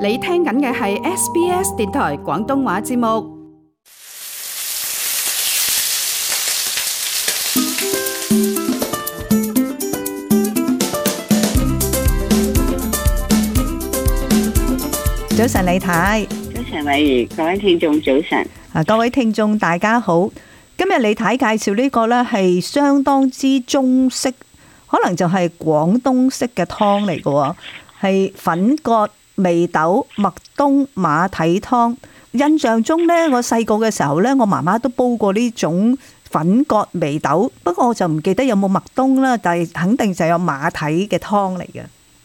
你聽緊嘅係 SBS 電台廣東話節目。早晨，李太。早晨，偉如，各位聽眾早晨。啊，各位聽眾大家好。今日李太介紹呢個呢係相當之中式，可能就係廣東式嘅湯嚟㗎，係粉葛。眉豆、麥冬、馬蹄湯，印象中咧，我細個嘅時候咧，我媽媽都煲過呢種粉葛眉豆，不過我就唔記得有冇麥冬啦，但係肯定就有馬蹄嘅湯嚟嘅。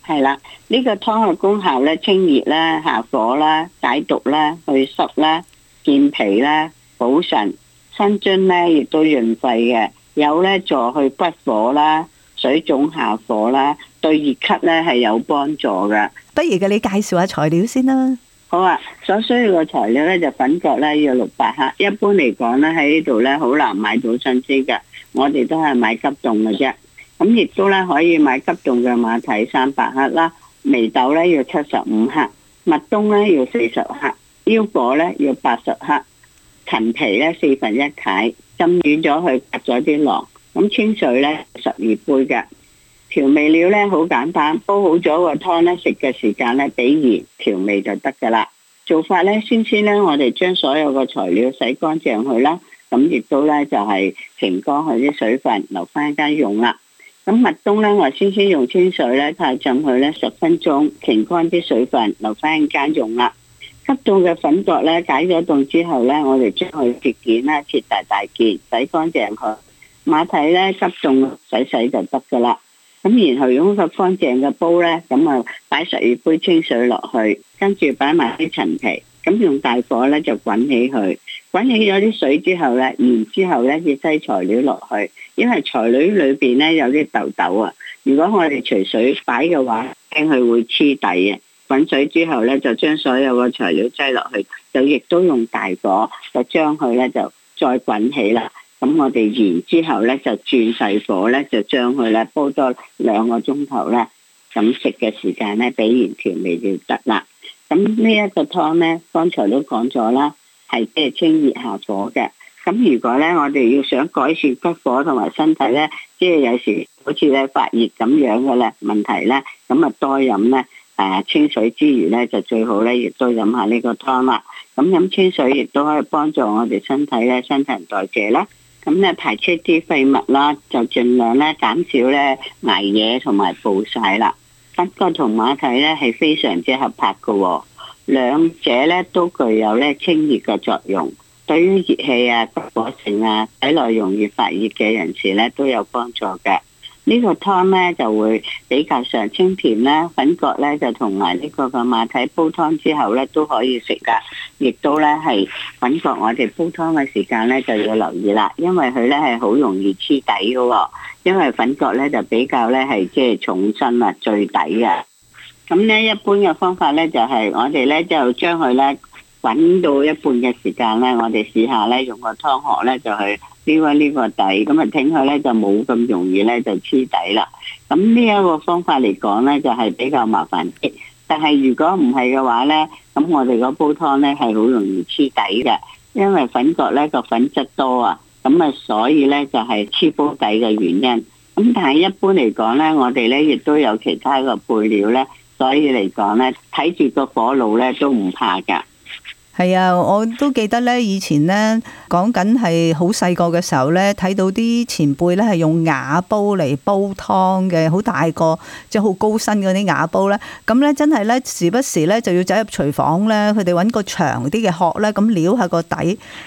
係啦，呢、這個湯嘅功效咧，清熱啦、下火啦、解毒啦、去濕啦、健脾啦、補腎、生津咧，亦都潤肺嘅，有咧助去骨火啦、水腫下火啦。對熱咳咧係有幫助噶，不如嘅你介紹下材料先啦。好啊，所需要嘅材料咧就粉葛咧要六百克，一般嚟講咧，喺呢度咧好難買到新鮮嘅，我哋都係買急凍嘅啫。咁亦都咧可以買急凍嘅馬蹄三百克啦，眉豆咧要七十五克，麥冬咧要四十克，腰果咧要八十克，陳皮咧四分一塊，浸軟咗去拍咗啲瓤，咁清水咧十二杯嘅。調味料咧好簡單，煲好咗個湯咧，食嘅時間咧，比如調味就得噶啦。做法咧，先先咧，我哋將所有個材料洗乾淨佢啦。咁亦都咧就係、是、乾干佢啲水分，留翻一間用啦。咁麥冬咧我先先用清水咧泡浸佢咧十分鐘，乾干啲水分，留翻一間用啦。急凍嘅粉葛咧解咗凍之後咧，我哋將佢切件啦，切大大件，洗乾淨佢。馬蹄咧急凍洗洗就得噶啦。咁然後用個方正嘅煲咧，咁啊擺十二杯清水落去，跟住擺埋啲陳皮，咁用大火咧就滾起佢。滾起咗啲水之後咧，然之後咧要擠材料落去，因為材料裏邊咧有啲豆豆啊。如果我哋隨水擺嘅話，驚佢會黐底啊。滾水之後咧，就將所有嘅材料擠落去，就亦都用大火，就將佢咧就再滾起啦。咁我哋然之後咧，就轉細火咧，就將佢咧煲多兩個鐘頭咧。咁食嘅時間咧，俾完調味就得啦。咁呢一個湯咧，剛才都講咗啦，係即係清熱下火嘅。咁如果咧，我哋要想改善骨火同埋身體咧，即係有時好似咧發熱咁樣嘅咧問題咧，咁啊多飲咧誒，清水之餘咧，就最好咧亦都飲下呢個湯啦。咁飲清水亦都可以幫助我哋身體咧新陳代謝咧。咁呢排出啲廢物啦，就儘量呢減少呢捱夜同埋暴曬啦。粉葛同馬蹄呢係非常之合拍嘅喎，兩者呢都具有呢清熱嘅作用，對於熱氣啊、骨火盛啊、體內容易發熱嘅人士呢都有幫助嘅。呢個湯咧就會比較上清甜啦，粉葛咧就同埋呢個個馬蹄煲湯之後咧都可以食㗎，亦都咧係粉葛我。我哋煲湯嘅時間咧就要留意啦，因為佢咧係好容易黐底嘅喎，因為粉葛咧就比較咧係即係重身啊，最底啊。咁咧一般嘅方法咧就係、是、我哋咧就將佢咧。滾到一半嘅時間咧，我哋試下咧用個湯殼咧就去丟喺呢個底，咁啊聽佢咧就冇咁容易咧就黐底啦。咁呢一個方法嚟講咧就係比較麻煩啲，但係如果唔係嘅話咧，咁我哋個煲湯咧係好容易黐底嘅，因為粉葛咧個粉質多啊，咁啊所以咧就係黐煲底嘅原因。咁但係一般嚟講咧，我哋咧亦都有其他個配料咧，所以嚟講咧睇住個火爐咧都唔怕㗎。係啊，我都記得咧，以前咧講緊係好細個嘅時候咧，睇到啲前輩咧係用瓦煲嚟煲湯嘅，好大個即係好高身嗰啲瓦煲咧。咁咧真係咧時不時咧就要走入廚房咧，佢哋揾個長啲嘅殼咧，咁撩下個底。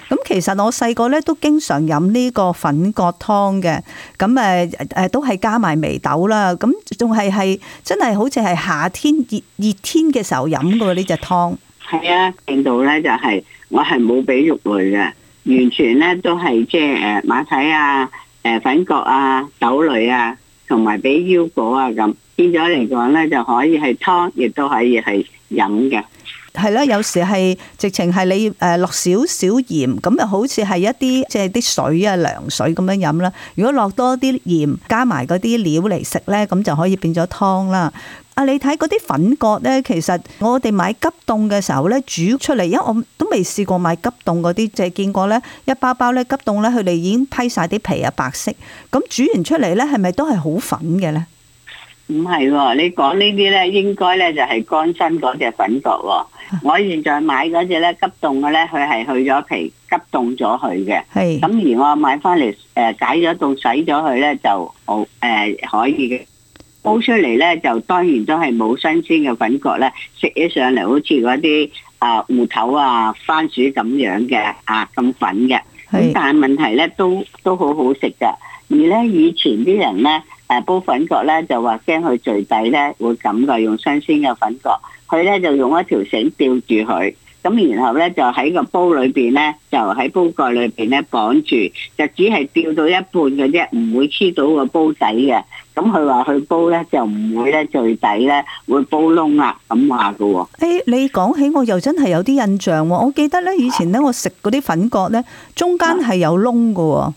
咁其實我細個咧都經常飲呢個粉葛湯嘅。咁誒誒都係加埋眉豆啦。咁仲係係真係好似係夏天熱熱天嘅時候飲過呢隻湯。係啊，令到咧就係、是、我係冇俾肉類嘅，完全咧都係即係誒馬蹄啊、誒粉葛啊、豆類啊，同埋俾腰果啊咁，變咗嚟講咧就可以係湯，亦都可以係飲嘅。係啦，有時係直情係你誒落少少鹽，咁又好似係一啲即係啲水啊涼水咁樣飲啦。如果落多啲鹽，加埋嗰啲料嚟食咧，咁就可以變咗湯啦。啊！你睇嗰啲粉葛咧，其實我哋買急凍嘅時候咧，煮出嚟，因為我都未試過買急凍嗰啲，就係見過咧一包包咧急凍咧，佢哋已經批晒啲皮啊白色，咁煮完出嚟咧，係咪都係好粉嘅咧？唔係喎，你講呢啲咧，應該咧就係乾身嗰隻粉葛喎。我現在買嗰隻咧急凍嘅咧，佢係去咗皮，急凍咗佢嘅。係咁是而我買翻嚟誒解咗凍洗咗佢咧就好誒可以嘅。煲出嚟咧，就當然都係冇新鮮嘅粉葛咧，食起上嚟好似嗰啲啊芋頭啊番薯咁樣嘅啊咁粉嘅，但係問題咧都都好好食噶。而咧以前啲人咧誒煲粉葛咧就話驚佢黐底咧會咁噶，用新鮮嘅粉葛，佢咧就用一條繩吊住佢。咁然後咧就喺個煲裏邊咧，就喺煲蓋裏邊咧綁住，就只係吊到一半嘅啫，唔會黐到個煲底嘅。咁佢話佢煲咧就唔會咧最底咧，會煲窿啦，咁話嘅喎。Hey，你講起我又真係有啲印象喎，我記得咧以前咧我食嗰啲粉葛咧，中間係有窿嘅喎。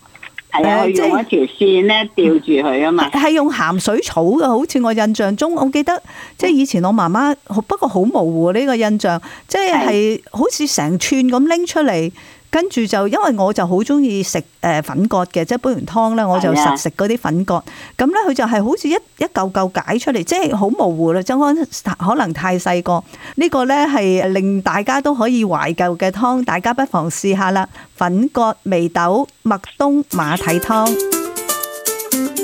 係啊，即係一條線咧吊住佢啊嘛。係用鹹水草嘅，好似我印象中，我記得即係以前我媽媽，不過好模糊呢、呢個印象，即係好似成串咁拎出嚟。跟住就，因為我就好中意食誒粉葛嘅，即係煲完湯咧，我就實食嗰啲粉葛。咁咧佢就係好似一一嚿嚿解出嚟，即係好模糊啦。張安可能太細個，呢、呢個咧係令大家都可以懷舊嘅湯，大家不妨試下啦。粉葛眉豆麥冬馬蹄湯。